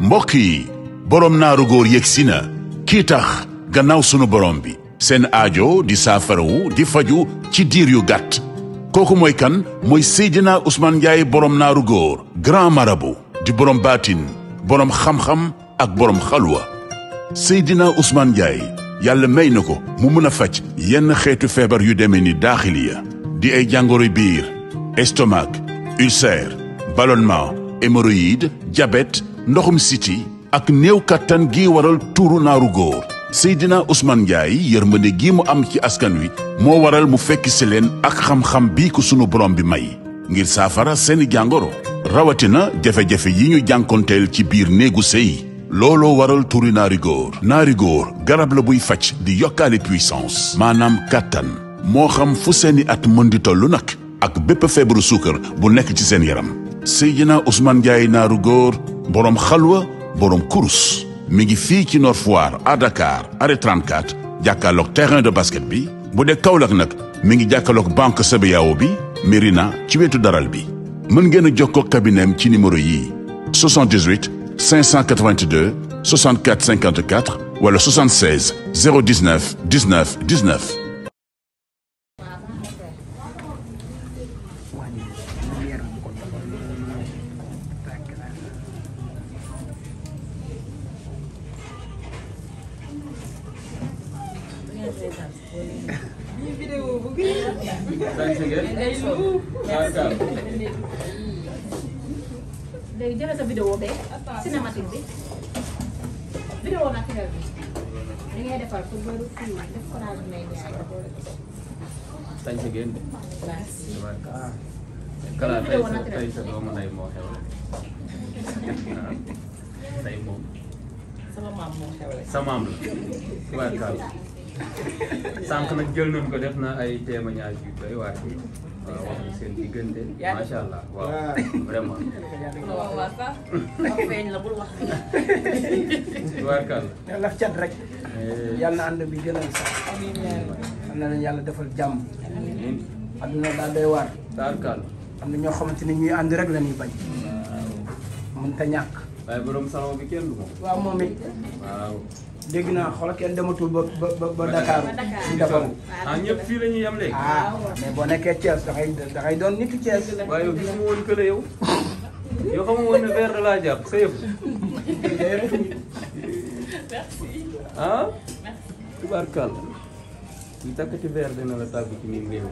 mbokk yi boroom naaru góor yegsi na kii tax gannaaw sunu borom bi seen aajo di saafarawu di faju ci diir yu gàtt kooku mooy kan mooy Seydina usmaan Ndiaye boroom naaru góor grand marabout di borom baatin boroom xam-xam ak boroom xalwa Seydina Ousmane Ndiaye yàlla may na ko mu mën a faj yenn xeetu feebar yu demee ni daaxiliya di ay jàngoro biir estomac ulcère ballonnement hémorroïde diabète ndoxum siti ak néew kattan gi waral tuuru naaru góor Seydina Ousmane Ndiaye yërmande gi mu am ci askan wi moo waral mu fekk si leen ak xam-xam bii ko sunu borom bi may ngir saafara seeni jàngoro rawatina jafe-jafe yi ñu jànkonteel ci biir néegu sëy looloo waral turi naari góor naari góor garab la buy faj di yokkaale puissance maanaam kàttan moo xam fu seeni at mën di tollu nag ak bépp feebaru suukar bu nekk ci seen yaram Seydina Ousmane Ndiaye naaru góor borom xalwa borom kurus mi ngi fii ci Nord à Dakar arrêt 34 jàkkaarloog terrain de basket bi bu dee Kaolack nag mi ngi jàkkaarloog banque CBAO bi Mérina ci wetu daral bi. mën ngeen a jokkoo kabineem ci numéro yii 78 582 64 54 wala 76 019 19 19. léegi jëlee sa vidéo be cinématique bi vidéo naturel bi li ngay defar pour bëri fii def collage may ñaar sañ si génn kala tey sa tey sa doomu ndey moo xew tey moom sama maam moo xew sama maam la tubaarkalla sànq nag jël nañ ko def na ay témoignage yu doy waar bi waaw seen diggante macha allah waaw vraiment. waaw la bul wax. tubaarkàlla. laf cat rek. Eh. yàlla na ànd bi gënal sax. am na leen yàlla defal jàmm. adduna daal doy waar. tubaarkàlla. am na ñoo xamante ni ñuy ànd rek la bañ. waaw. mënut ñàkk. waaye borom salon bi kenn du moom. waaw moom it. waaw. dégg naa xoolal kenn dematul ba ba ba Dakar. ñu defal ah ñëpp fii la ñuy léegi. ah mais boo nekkee Thiès dafay dafay waaye yow gis nga woon que ne yow yoo xam nga woon ne verre la jàpp sa yëpp. merci. ah. tubaarkàll. ñu takkati verre dina la tàggu ci miin réew.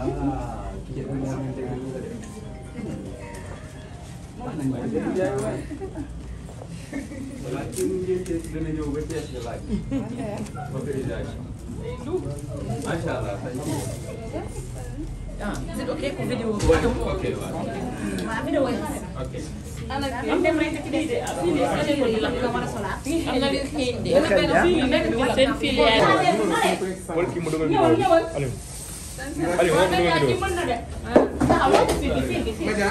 Ah. Ah, voilà ci ngeen cee dana ñëw ba Thiès nga laaj. macha allah. ah c'est ok pour vidéo. ok waaw. ok. am na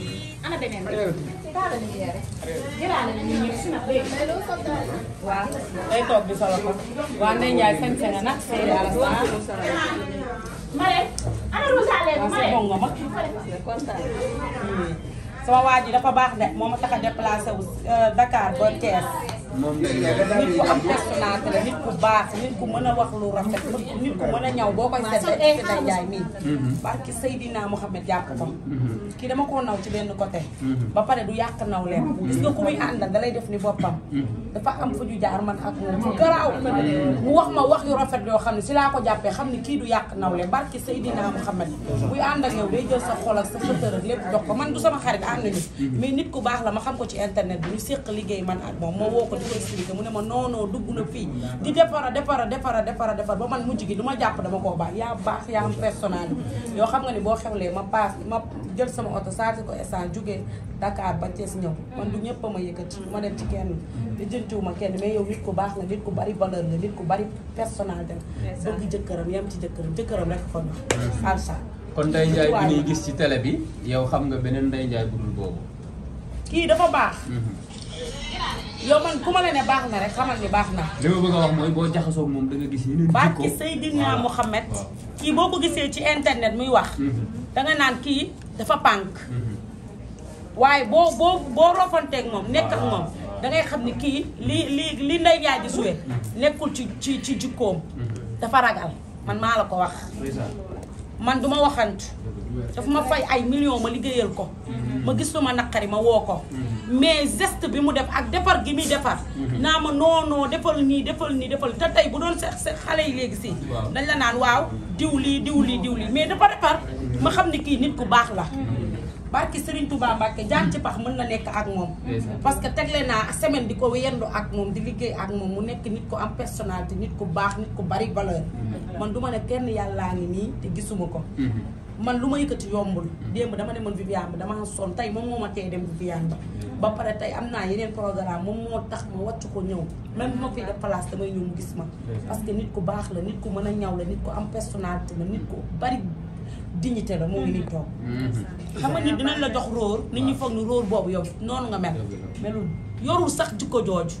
demee waaw toog di solo ko waaw Ndeye Ndiaye seen seen na nag seen yàlla saa. sama waa ji dafa baax de moo ma tax a déplacé wu Dakar ba Thiès. moom nit ku am personnalité la nit ku baax nit ku mën a wax lu rafet nit ku mën a ñaw boo koy seet day jaay mii mhm. barki Seydina Mouhamed jàpp ko mhm. kii dama koo naw ci benn côté mhm. ba pare du yàq naw leen gis nga ku muy àndal def ni boppam dafa am fu jaar man ak moom fu garaaw mu wax ma yu rafet yoo xam ne si laa ko jàppee xam ne kii du yàq naw leen barki Seydina Mouhamed buy ànd ak yow day jël sa xol ak sa xëtër lépp jox ko man du sama xarit ànd nañu mais nit ku baax la ma xam ko ci internet bi ñu séq liggéey man ak moom moo woo ko bu ko mu ne ma noonoo non dugg na fii di defara defara defara defara defar ba man mujj gi lu ma jàpp dama koo baax yaa baax yaa am personnalité yoo xam nga ni boo xewlee ma paas ma jël sama oto saati ko essence jógee Dakar ba Thiès ñëw man du ñëpp a ma yëkkati du ma dem ci kenn di jëntiwuma kenn mais yow nit baax la nit ku bari valeur la nit ku bari personnalité la bëgg jëkkëram yam ci jëkkëram jëkkëram rek ko na alsa kon Ndeye Ndiaye bi ñuy gis ci télé bi yow xam nga beneen Ndeye Ndiaye bu boobu kii dafa baax mhm. yow man ku ma la ne baax na rek xamal ni baax na. li ma bëgg a wax mooy boo jaxasoo moom da nga gis yeneen jikko. barki Seydina Mouhamed. kii boo ko gisee ci internet muy wax. Mhm. da nga naan kii dafa pànk. Mhm. waaye boo boo boo rofanteeg moom nekk ak moom da xam ne kii li li li nday Ndiaye di suwe mhm. nekkul ci ci ci jikkoom. dafa ragal man maa la ko wax. man du ma waxantu. dafa ma fay ay millions ma liggéeyal ko. ma gis lu ma naqari ma woo ko. mais geste bi mu def ak defar gi muy defar mhm. naa ma noonoo defal nii defal nii defal te tey bu doon se se xale yi léegi si dañ la naan waaw diw lii diw lii diw lii mais dafa defar ma xam ne kii nit ku baax la mhm. barki Serigne Touba Mbacke jaan ci pax mën na nekk ak moom parce que tegle naa semaine di ko yendu ak moom di liggéey ak moom mu nekk nit ko am personnalité nit ku baax nit ku bari valeur mhm. man du ma ne kenn yàllaa ngi nii te gisuma ko man lu ma yëkkati yombul démb dama ne man Viviane bi dama sonn tey moom moo ma tey dem Viviane ba ba pare tey am naa yeneen programme moom moo tax ma wàcc ko ñëw man bu ma fiy def place damay ñëw gis ma parce que nit ku baax la nit ku mën a ñaw la nit ku am personnalité la nit ku bari dignité la moo ngi nii toog mm-hmm. xam nit dinañ la jox róor nit ñi ah. foog ni róor boobu yow noonu nga mel melul yorul sax jikko jooju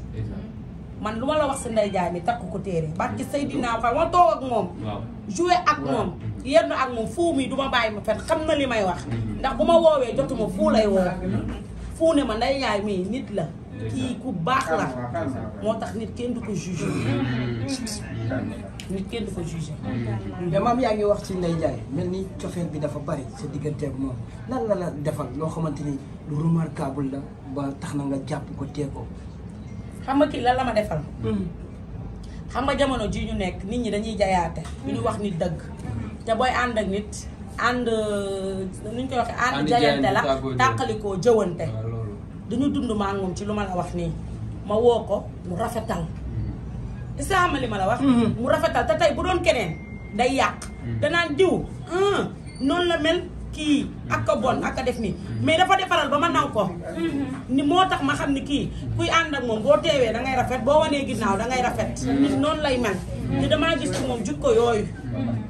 man lu ma la wax si Ndeye Ndiaye mi takk ko téere barki Seydina naa ma toog ak moom joué ak moom yenn ak moom fuu mi du ma bàyyi ma fen xam na li may wax mm-hmm. ndax bu ma woowee jotuma fuu lay woo mm-hmm. fuu ne ma Ndeye Ndiaye nit la kii ku baax la moo tax nit kenn du ko jugé mm-hmm. nit kenn du ko jugé mais maam yaa ngi wax ci Ndeye Ndiaye mel ni cofeel bi dafa bari sa diggante ak moom lan la la defal loo xamante ni lu remarquable la ba tax na nga jàpp ko tee xam nga kii lan la ma defal. Mm. xam nga jamono ji ñu nekk nit ñi dañuy jayaate mm. du ñu wax nit dëgg. Mm. te booy ànd ak nit ànd nu ñu koy waxee. ànd jaayante la tàqalikoo jëwante. dañu dund maa moom ci lu ma la wax nii ma woo ko mu rafetal. islaama li ma la wax. Mm-hmm. mu rafetal te tey bu doon keneen day yàq. danaan diw noonu la mel. kii ak a bon ak a def nii mais dafa defaral ba ma naw ko mhm. ni moo tax ma xam ne kii kuy ànd ak moom boo teewee da ngay rafet boo wanee ginnaaw da ngay rafet noon mhm. noonu lay mel te damaa gis ci moom jukko yooyu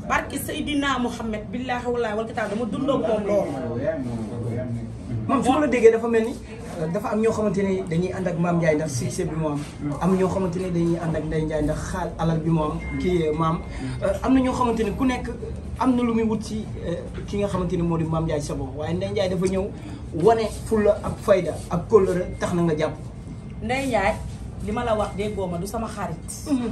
barki Seydina Mouhamed billaahi wallaahi wal kitaab dama dundoog moom loolu moom su ma la déggee dafa mel nii dafa am ñoo xamante ne dañuy ànd ak maam Ndiaye ndax succès bi mu am. Mm. am ñoo xamante ne dañuy ànd ak Ndeye Ndiaye ndax xaal alal bi moom am kii maam. Mm. Euh, am na ñoo xamante ne ku nekk am na lu muy wut ci euh, ki nga xamante ne moo di maam Ndiaye sa waaye Ndeye Ndiaye dafa ñëw wane fulla ak fayda ak kóllëre tax na nga jàpp. Ndeye Ndiaye li ma la wax déggoo ma du sama xarit. Mm-hmm.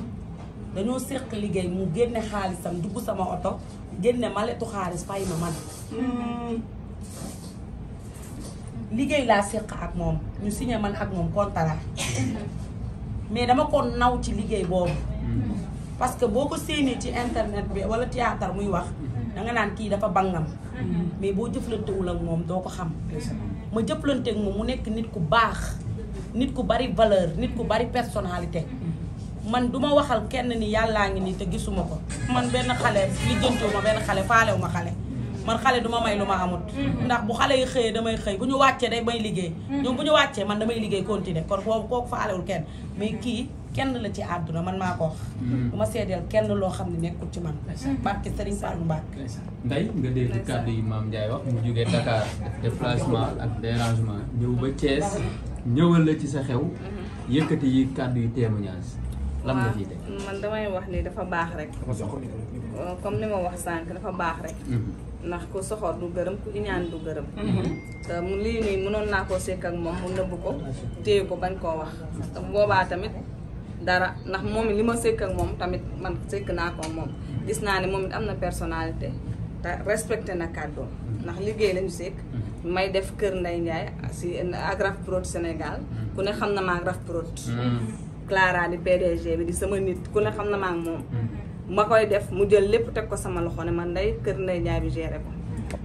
dañoo séq liggéey mu génne xaalisam dugg sama oto génne maletu xaalis fay ma man. Mm-hmm. liggéey laa séq ak moom ñu signé man ak moom contrat mais dama ko naw ci liggéey boobu parce que boo ko séenee ci internet bi wala théâtre muy wax danga naan kii dafa bangam mais boo jëflantewul ak moom doo ko xam ma jëflanteek moom mu nekk nit ku baax nit ku bari valeur nit ku bari personnalité man duma waxal kenn ni yàllaa ngi nii te gisuma ko man benn xale lijjantiwuma benn xale faalewu ma xale man xale duma may lu ma amut mhm. ndax bu xale yi xëyee damay xëy bu ñu wàccee day bay liggéey mhm. ñoom bu ñu wàccee man damay liggéey continuer kon foofu kooku fa alewul kenn mais mhm. kii kenn la ci àdduna man maa ko wax du ma seedeel kenn loo xam ne nekkul ci man barke Sëriñ Fallu Mbàkke nday nga dégg kàddu yi maam Ndiaye wax mu jógee Dakar déplacement ak dérangement ñëw ba Thiès ñëwal la ci sa xew yëkkati yi kàddu yi témoignage lan nga ciy teg man damay wax ni dafa baax rek comme ni ma wax sànq dafa baax rek ndax ku soxor du gërëm ku iñaan du gërëm mhm. te mu lii nii mënoon naa koo sekk ak moom mu nëbb ko téye ko bañ koo wax te boobaa tamit dara ndax moom li ma sekk moom tamit man sekk naa ko moom gis naa ne moom it am na personnalité te respecté na kàddoom ndax liggéey lañu sekk mhm. may def kër Ndey Njaay si ak Raf Prod Sénégal mhm. ku ne xam na maa Raf Prod Clara di PDG bi di sama nit ku ne xam na maa moom ma koy def mu jël lépp teg ko sama loxo ne man day kër Ndeye Ndiaye bi géré ko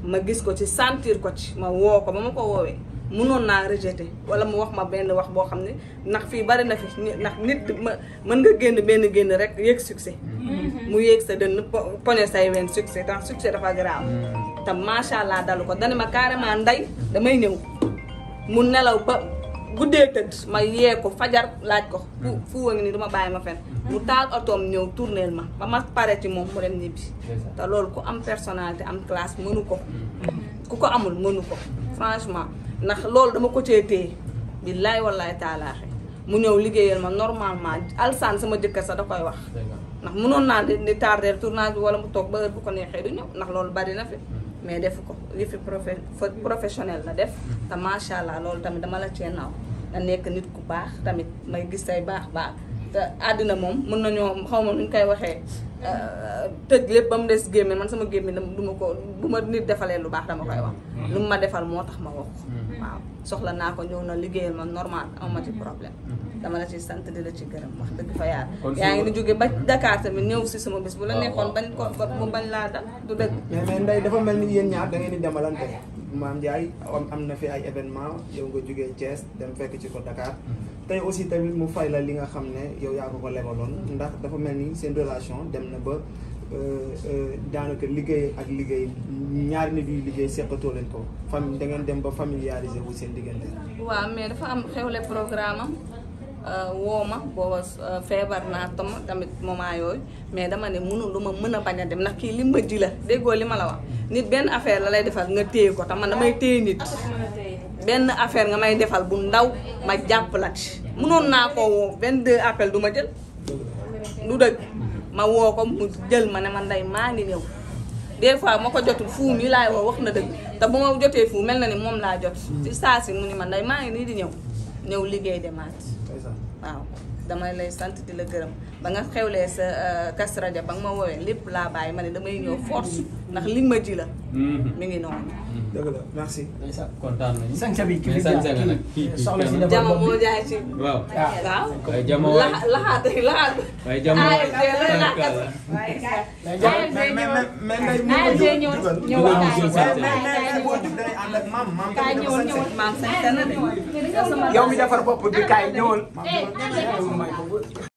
ma gis ko ci sentir ko ci ma woo ko ba ma ko woowee mënoon naa rejeté wala mu wax ma benn wax boo xam ne ndax fii bari na fi ndax nit ma mën nga génn benn génn rek yéeg succès mm-hmm. mu yéeg sa dënn poñe say ween succès tax succès dafa garaaw mm-hmm. te macha allah dalu ko dana ma carrément ndey damay ñëw mu nelaw ba guddee tëdd ma yee ko fajar laaj ko fu hmm. fu wëng ni duma bàyyi ma fen mu taal otoom ñëw tourneel ma ba ma pare ci moom mu dem ñibbi te loolu ku am personnalité am classe mënu ko hmm. ku ko amul mënu ko franchement ndax loolu dama ko cee téye billaay wallaay taalaaxe mu ñëw liggéeyal ma normalement alsaan sama jëkkër sax da koy wax ndax mënoon naa di tardeel tournage bi wala mu toog ba heure bu ko neexee du ñëw ndax loolu bari na fi hmm. mais def ko yëfi professionnel la def. te macha allah loolu tamit dama la cee naaw. da nekk nit ku baax tamit may gis say baax baax. te àddina moom mën nañoo xaw ma nuñ koy waxee euh, tëj lépp bam des gémmiñ man sama gémmiñ dama ma ko bu nit defalee lu baax dama koy wax. Mm-hmm. lu ma defal moo tax ma wax mm-hmm. waaw. soxla naa ko ñëw na liggéeyal ma normal amuma ci problème mhm. dama la ci sant de la ci gërëm wax dëgg fa yàlla yaa ngi ni jóge ba mhm. Dakar tamit ñëw si sama bis bu la nekkoon bañ ko mu bañ laa dal du dëgg mhm. nday dafa mel ni yéen ñaar da ngeen di demalante maam Ndiaye am na fi ay événement yow nga jógee Thiès dem fekk ci ko Dakar tey aussi tamit mu fay la li nga xam ne yow yaa ko ko lebaloon ndax dafa mel ni seen relation dem na ba Euh, euh, daanaka liggéey ak liggéey ñaari nit yuy liggéey seqatoo leen ko famille da ngeen dem ba familiariser wu seen diggante. waaw mais dafa am xewle programme am euh, woo ma booba feebar naa tam tamit moment yooyu mais dama ne mun lu ma mën a bañ a dem ndax kii li ma ji la déggoo li ma la wax nit benn affaire la lay defal nga téye ko tam man damay téye nit. benn affaire nga may defal bu ndaw ma jàpp la ci. mënoon naa koo woo 22 appel du ma jël. du dëgg. ma woo ko mu jël ma ne man ndey maa ngi ñëw des fois ma ko jotul fuu mi laay woo wax na dëgg te bu ma jotee fuu mel na ni moom laa jot ci saa si mu ni ma ndey maa ngi nii di ñëw ñëw liggéey demaat waaw damay lay sant di la gërëm ba nga xewlee sa Kazu euh, Rajab ba nga ma woowee lépp laa bàyyi ma ne damay ñëw force ndax li ma ji la. Mm-hmm. mi ngi noonu. dëgg la merci. kontaan nañu. sànq bi kii bi soxla si jama moo jaay ci. waaw waaw. laxaat laxaat. laxaat.